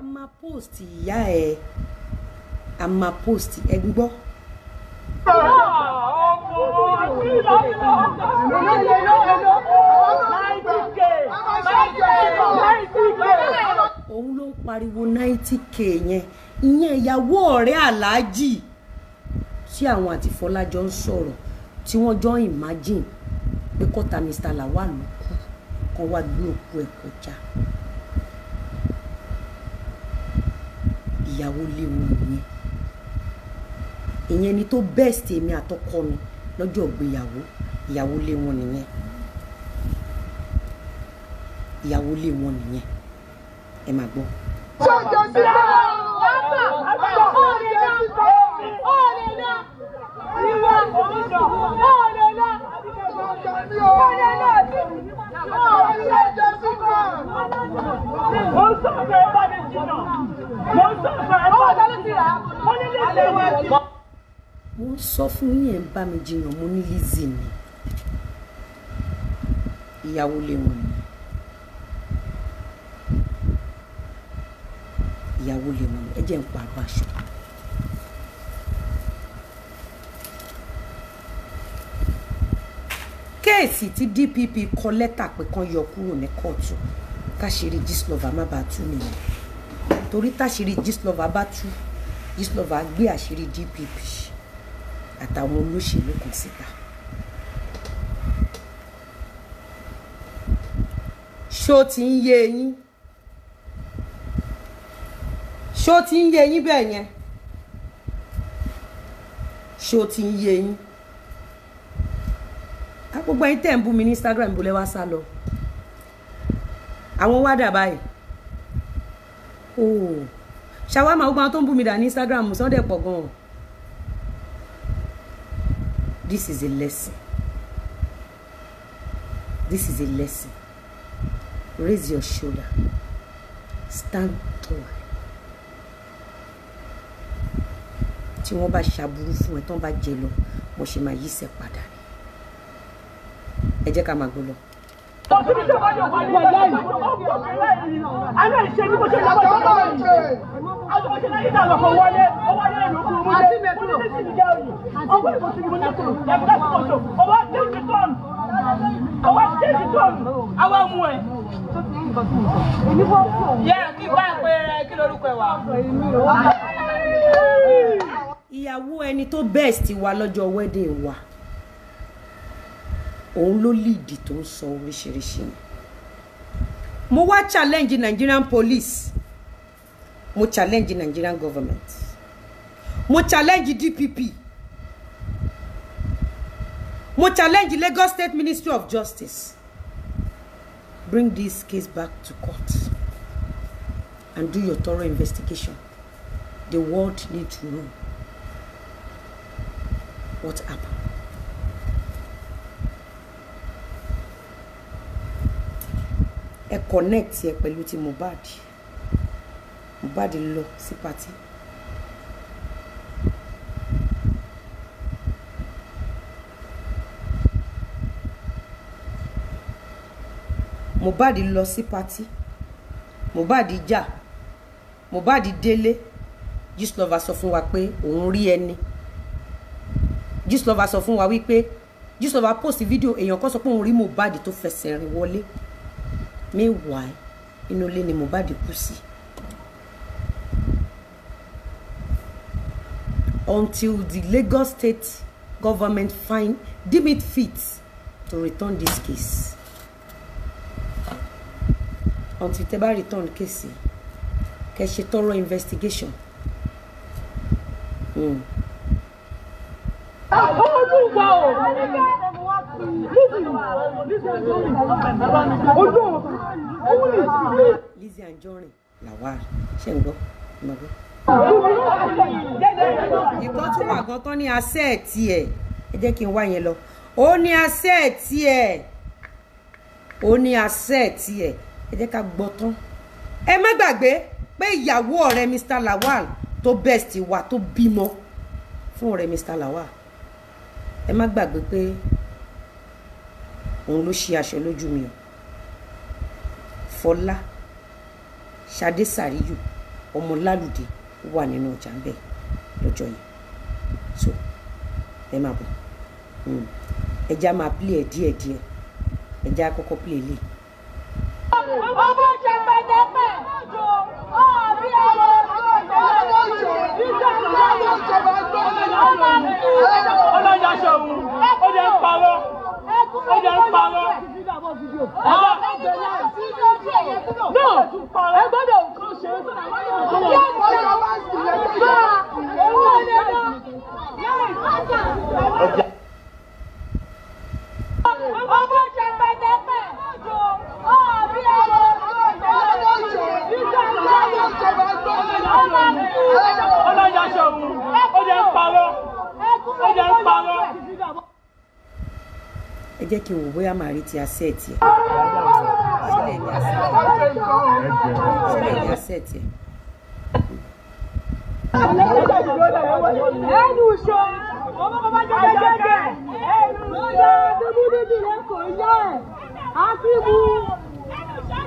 máa post ìyá ẹ a máa post ẹ gbọ́. pariwo ninety k yẹn ìyẹn ìyàwó ọ̀rẹ́ aláàjì tí àwọn àti Fọlájọ ń sọ̀rọ̀ tí wọ́n jọ imagine pé kọ́ta Mr. Lawal ló kú kọ́ wá gbé òkú ẹ̀ kọjá ìyàwó léwu nìyẹn ìyẹn ni tó best èmi àtọkọ mi lọ́jọ́ ìgbéyàwó ìyàwó léwu nìyẹn ìyàwó léwu nìyẹn ẹ máa gbọ́ tí ó jọ sí lọ́wọ́ ọgbà ọ̀rẹ́ sọ fún yín ẹ̀ ń bá mi jiyàn mo ní Lizzy ni ìyàwó lè wọ̀nyí. ìyàwó lè mú mi ẹ jẹ́ ń pààrọ̀ aṣọ. kéèsì tí DPP kọ lẹ́tà pé kan yọ kúrò ní kóòtù táṣírí Gistlover má bàa tú nìyẹn torí táṣírí Gistlover bá tú Gistlover gbé àṣírí DPP àtàwọn olóṣèlú kan síta. ṣó ti ń yé eyín ṣó ti ń yé yín bẹ́ẹ̀ yẹn ṣó ti ń yé yín gbogbo ẹ̀yin tẹ̀ ń bú mi ní Instagram bó lẹ wá sá lọ àwọn wá dà báyìí ooo ṣàwámà gbogbo àwọn tó ń bú mi dà ní Instagram Sunday pọ̀ gan-an this is a lesson this is a lesson raise your shoulder stand tall. tí wọ́n bá ṣàbùrú fún ẹ tán bá jẹ lọ mo ṣe máa yí sẹ́ padà ni ẹ jẹ́ ká máa gbọ́ lọ. Àwa kí bá ń pe kí lorúkọ ẹ wà ìyàwó ẹni tó best wa lọ́jọ́ wedding wa òun ló lead tó ń sọ oríṣiríṣi yẹn mo wá challenge Nigerian police mo challenge Nigerian government mo challenge DPP mo challenge Lagos State Ministry of Justice bring this case back to court and do your thorough investigation the world need to know What happened? ẹ connect ẹ pẹ̀lú ti Mohbad Mohbad lọ sí pati Mohbad lọ sí pati Mohbad jà Mohbad délé Gistlover sọ fún wa pé òun rí ẹni. Gistlover sọ fún wa wípé Gistlover post fídíò èèyàn kan sọ pé òun rí Mohbad tó fẹsẹ̀ rìn wọlé meanwhile inú ilé ni Mohbad kú sí until the Lagos State government find deem it fit to return this case until tẹ́ ba return case kẹ́ ṣe thorough investigation. Mm olúwa o olúwa olúwa. Lizzy Anjorin Lawal ṣe ń gbọ́ ń gbọ́. ìtọ́ tún wà gan tán ní asẹ́ẹ̀tì ẹ̀ ẹ jẹ́ kí n wá yẹn lọ ó ní asẹ́ẹ̀tì ẹ̀ ó ní asẹ́ẹ̀tì ẹ̀ ẹ jẹ́ ká gbọ́ tán ẹ má gbàgbé pé ìyàwó ọ̀rẹ́ Mr Lawal tó best wa tó bímọ fún ọ̀rẹ́ Mr Lawal ẹ má gbàgbé pé òun ló ṣe aṣọ lójú mi o fọlá ṣadé sàríyù ọmọ lálùdé wà nínú ọjà ń bẹ lọ́jọ́ yẹn so ẹ hmm. máa bọ̀ ẹja máa pílẹ̀ díẹ̀díẹ̀ ẹja kọ́kọ́ pílẹ̀ lè. ọmọ ìjọba ẹ̀dẹ́gbẹ̀ ọ̀rí ẹ̀rọ ọ̀rọ̀ ìjọba ìjọba ọlọ́jà ṣòwò ó jẹ́ ń parọ́ ó jẹ́ ń parọ́. No, ẹ gbọ́dọ̀ kan ṣe é sọ́dọ̀ àwọn ènìyàn tó wọ́n. Ọgbọ́n jẹ pẹtẹpẹ, ọ̀bí ẹ̀rọ ọlọ́jà ṣọ̀hún ó jẹ́ ń parọ́ ó jẹ́ ń parọ́. ẹ jẹ́ kí n wò bóyá màá ti àṣẹ́ẹ̀tì ẹ̀ sílẹ̀ ní àṣẹ́ẹ̀tì sílẹ̀ ní àṣẹ́ẹ̀tì ẹ̀. ẹnu ṣe ọmọ bàbá jẹ́ jẹ́jẹ́ ẹnu ṣe ọdún búdíjì lẹ́kọ̀ọ́ yẹ́ ẹ̀ á sì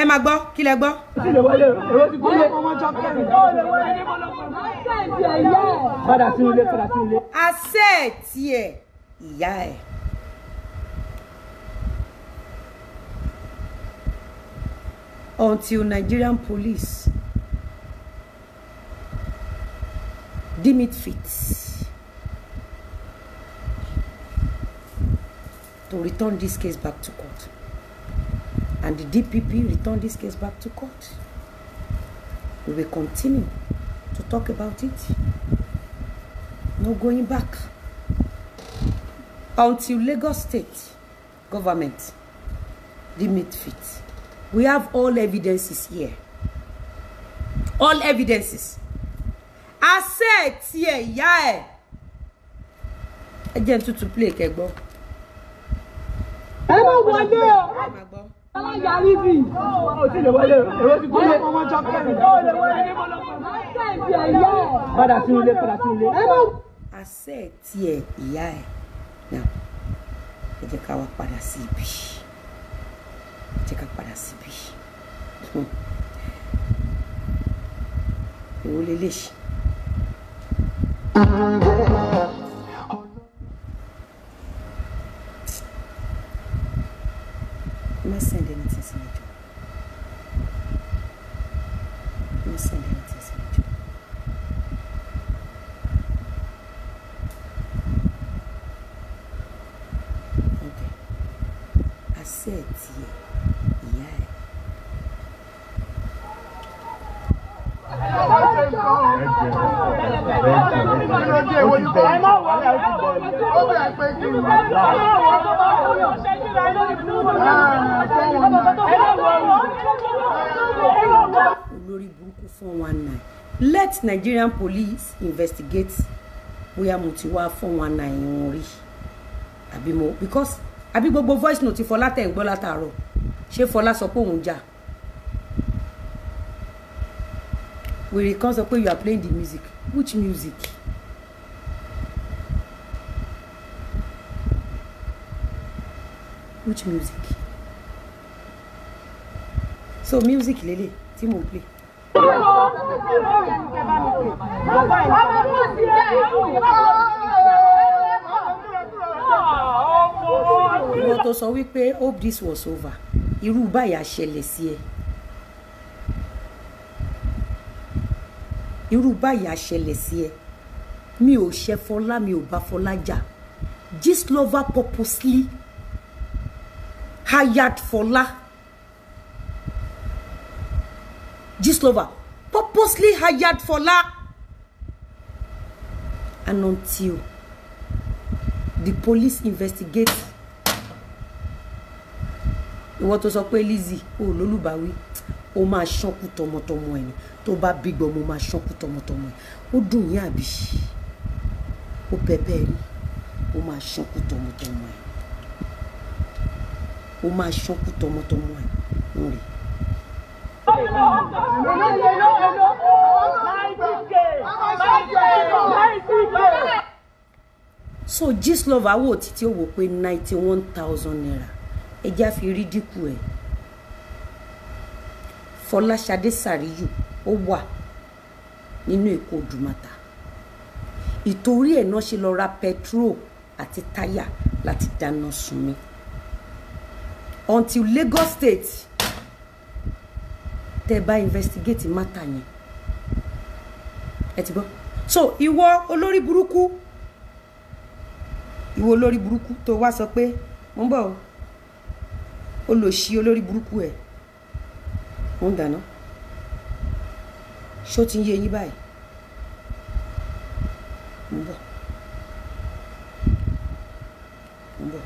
ẹ máa gbọ́ kí lẹ gbọ́. padà sí ìyá ẹ̀. until Nigerian police deem it fit to return this case back to court and the DPP return this case back to court. We will continue to talk about it. No going back. Until Lagos State government deem fit. We have all evidences here. All evidences. Assets here. Yeah. ẹ̀. Ẹ jẹ́ n play kẹ́ gbọ́. Ẹ má wọlé o padà sí ilé padà sí ilé. àṣẹ tiẹ̀ ìyá ẹ̀ náà ẹ jẹ́ ká wá padà sí ibi ẹ jẹ́ ká padà sí ibi èwo lè bóyá mo ti wá fún wọn náà ìwọ̀n rí àbí mo because àbí gbogbo voice note Fọlá tẹ̀ ń gbọ́ látàárọ̀ ṣé Fọlá sọ pé òun jà wèrè kan sọ pé you are playing the music which music. which music so music lele tí mo play ìwọ tó sọ wípé hope this was over irú báyà ṣẹlẹ̀ sí ẹ irú báyà ṣẹlẹ̀ sí ẹ mi ò ṣe fọlá mi ò bá fọlá jà gist lover purposely hired fọlá. lover purposely hired Fola. And until the police investigate ìwọ tó sọ pé Lizzy o lólùbáwí o máa ṣánkú tọmọtọmọ ẹni tó bá bígbọ mo máa ṣánkú tọmọtọmọ ẹ O dùn yín àbí ó pẹpẹ rí o máa ṣánkú tọmọtọmọ ẹ o máa ṣánkú tọmọtọmọ ẹ ń rèé so Gistlover awo títí ó wò pé ninety one thousand naira ẹja fi rí dínkù ẹ Fọláṣadé Sàríyù ó wà nínú Èkó Dùmàtà ìtorí ẹ̀ náà ṣe lọ ra petrol àti táyà láti dáná sun until Lagos State tẹ́ ẹ bá investigate mata yẹn ẹ ti gbọ́ so ìwọ olórí burúkú ìwọ olórí burúkú tó wá sọ pé mo ń bọ̀ o olòṣì olórí burúkú ẹ̀ mo ń dáná ṣó ti ń yé yín báyìí mo ń bọ̀ mo ń bọ̀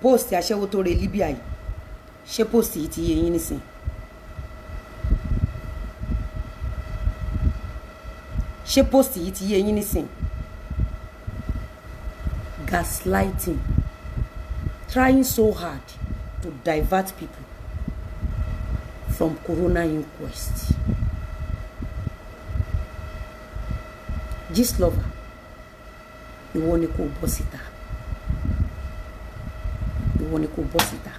post aṣẹ́wó tó re Libya yìí ṣé post yìí ti yé yín nísìn ṣé post yìí ti yé yín nísìn gaslighting trying so hard to divert people from corona inquest Gistlover ìwọ ni kò bọ́ síta ìwọ ni kò bọ́ síta.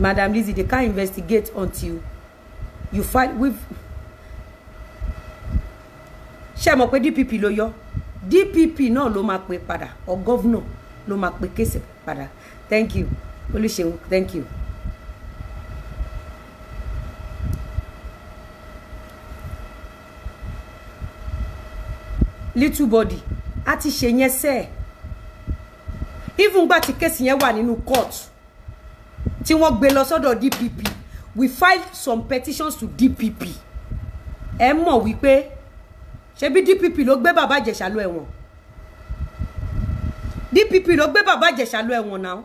Madam Lizzie, they can't investigate until you find with. ṣé mọ̀ pé DPP ló yọ DPP náà lo máa pè padà or governor lo máa pè kéèsì padà thank you Olúṣeun thank you. little body Ati ti ṣe yẹn sẹ́ẹ̀ even gbà tí kéèsì yẹn wà nínú court tí wọ́n gbé lọ sọ́dọ̀ DPP we filed some petitions to DPP ẹ mọ̀ wípé ṣebí DPP ló gbé bàbá Ìjẹ̀ṣà lọ ẹ̀wọ̀n DPP ló gbé bàbá Ìjẹ̀ṣà lọ ẹ̀wọ̀n now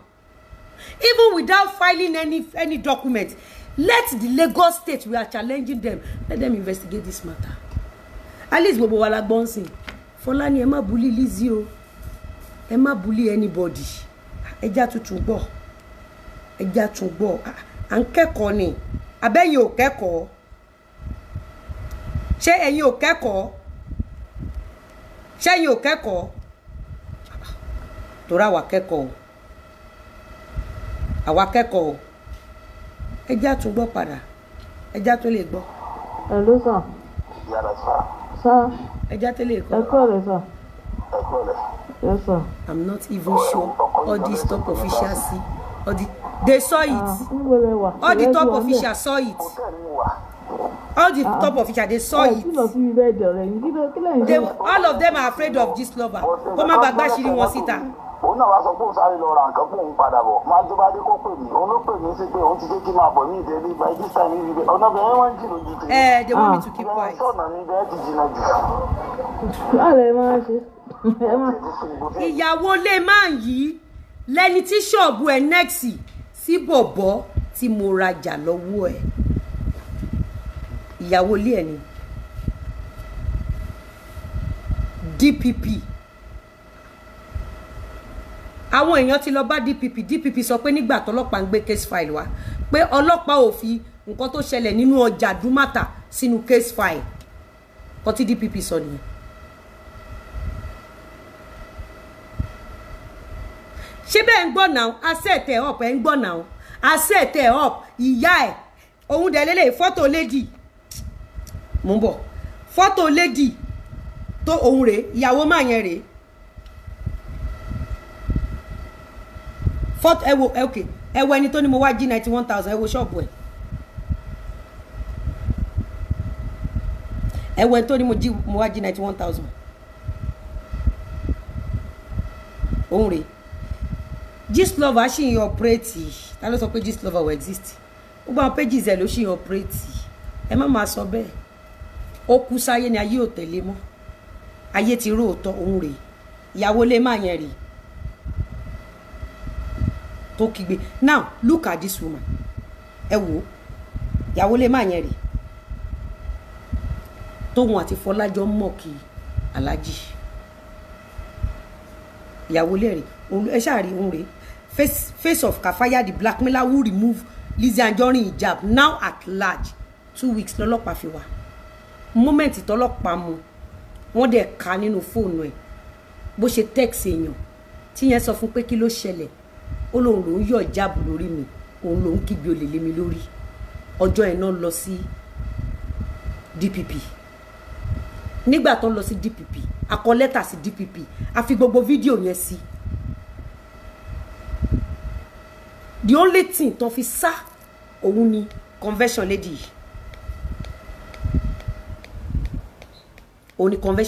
even without filing any any document let the Lagos state we are challenging them let them investigate this matter alice gbogbo wa la gbọ́ ń sìn fọlá ni ẹ má bulí Lizzy o ẹ má bulí anybody ẹja tuntun gbọ́ ẹjẹ́ àtúngbọ̀ à ń kẹ́kọ̀ọ́ ni abẹ́yìn ò kẹ́kọ̀ọ́ ṣé ẹ̀yin ò kẹ́kọ̀ọ́ ṣé ẹ̀yin ò kẹ́kọ̀ọ́ torí àwa kẹ́kọ̀ọ́ àwa kẹ́kọ̀ọ́ ẹjẹ́ àtúngbọ̀ padà ẹjẹ́ àtún lè gbọ́. ẹ ló sàn. yàrá sà. sà. ẹjẹ́ àtún lè kọ́. ẹ kọ́ rẹ̀ sà. ẹ kọ́ rẹ̀. yes sir. i'm not even sure all these top officials see all the they saw it ah, all the top officials saw it all the ah, ah. top officials they saw it they all of them are afraid of this lover kó má bàa gbàṣírí wọn síta. òun náà wá sọ pé òun sáré lọ ra nǹkan fún òun padà bọ̀ máa tó bá dé kó pè mí òun ló pè mí sí pé òun ti dé kí máa bọ̀ ní ìdẹ́rí by this time ní ibẹ̀ ọ̀nà bẹ̀rẹ̀ wọ́n ń jìnnà jù tèmi. ẹ eh, they want me to keep quiet. sọ̀nà ni ibẹ̀ ti jìnnà jù. ìyàwó lè máa yí lẹni tí ṣọ́ọ̀bù ẹ̀ nẹ́ẹ̀sì tí bọ̀bọ̀ tí mo rajà lọ́wọ́ ẹ̀ ìyàwó ilé ẹ̀ ni DPP àwọn èèyàn ti lọ bá DPP DPP sọ pé nígbà tọ́lọ́pàá ń gbé case file wa, pé ọlọ́pàá ò fi nǹkan tó ṣẹlẹ̀ nínú ọjà dúmàtà sínú case file kọtí DPP sọ nìyẹn ṣé bẹ́ẹ̀ ń gbọ́ náà a set ẹ̀ up ẹ̀ ń gbọ́ náà a set ẹ̀ up ìyá ẹ̀ òun dẹ̀ lélẹ̀ fọ́tò lady mò ń bọ̀ fọ́tò lady tó òun rèé ìyàwó máa yẹn rèé fọ́tò ẹ wo ok ẹ wo ẹni tó ní mo wá jí ninety one thousand ẹ wo ṣọ́ọ̀bù ẹ̀ ẹ wo ẹni tó ní mo wá jí ninety one thousand òun rèé. Gistlover ṣì ń ọ̀pẹ́rẹ́tì ta ló sọ pé Gistlover will exist gbogbo àwọn pages ẹ̀ ló ṣì ń ọ̀pẹ́rẹ́tì ẹ má máa sọ bẹ́ẹ̀ ó kú sáyé ni ayé ò tẹ̀lé mọ́ ayé ti rú òótọ́ òun rèé ìyàwó lè má yẹn rèé tó kígbe now look at this woman ẹ wò ó ìyàwó lè má yẹn rèé tóun àti Fọlájọ mọ̀ kí aláàjì ìyàwó lè rèé ẹ ṣáà rí òun rèé face face of Kafaya the blackmailer who remove Lizzy Anjorin hijab now at large two weeks lọ́lọ́pàá fi wà moment tọ́lọ́pàá mu wọ́n dẹ̀ ka nínú fóònù ẹ̀ bó ṣe text èèyàn tíyẹn sọ fún pé kí ló ṣẹlẹ̀ ó lóun lòún yọ ìjáàbù lórí mi òun lòún kígbe olè lé mi lórí ọjọ́ ẹ̀ náà lọ sí DPP nígbà tó lọ sí DPP a lẹ́tà sí DPP a fi gbogbo fídíò yẹn sí. Si the only thing tó fi sá òun ni convention lady yìí òun ni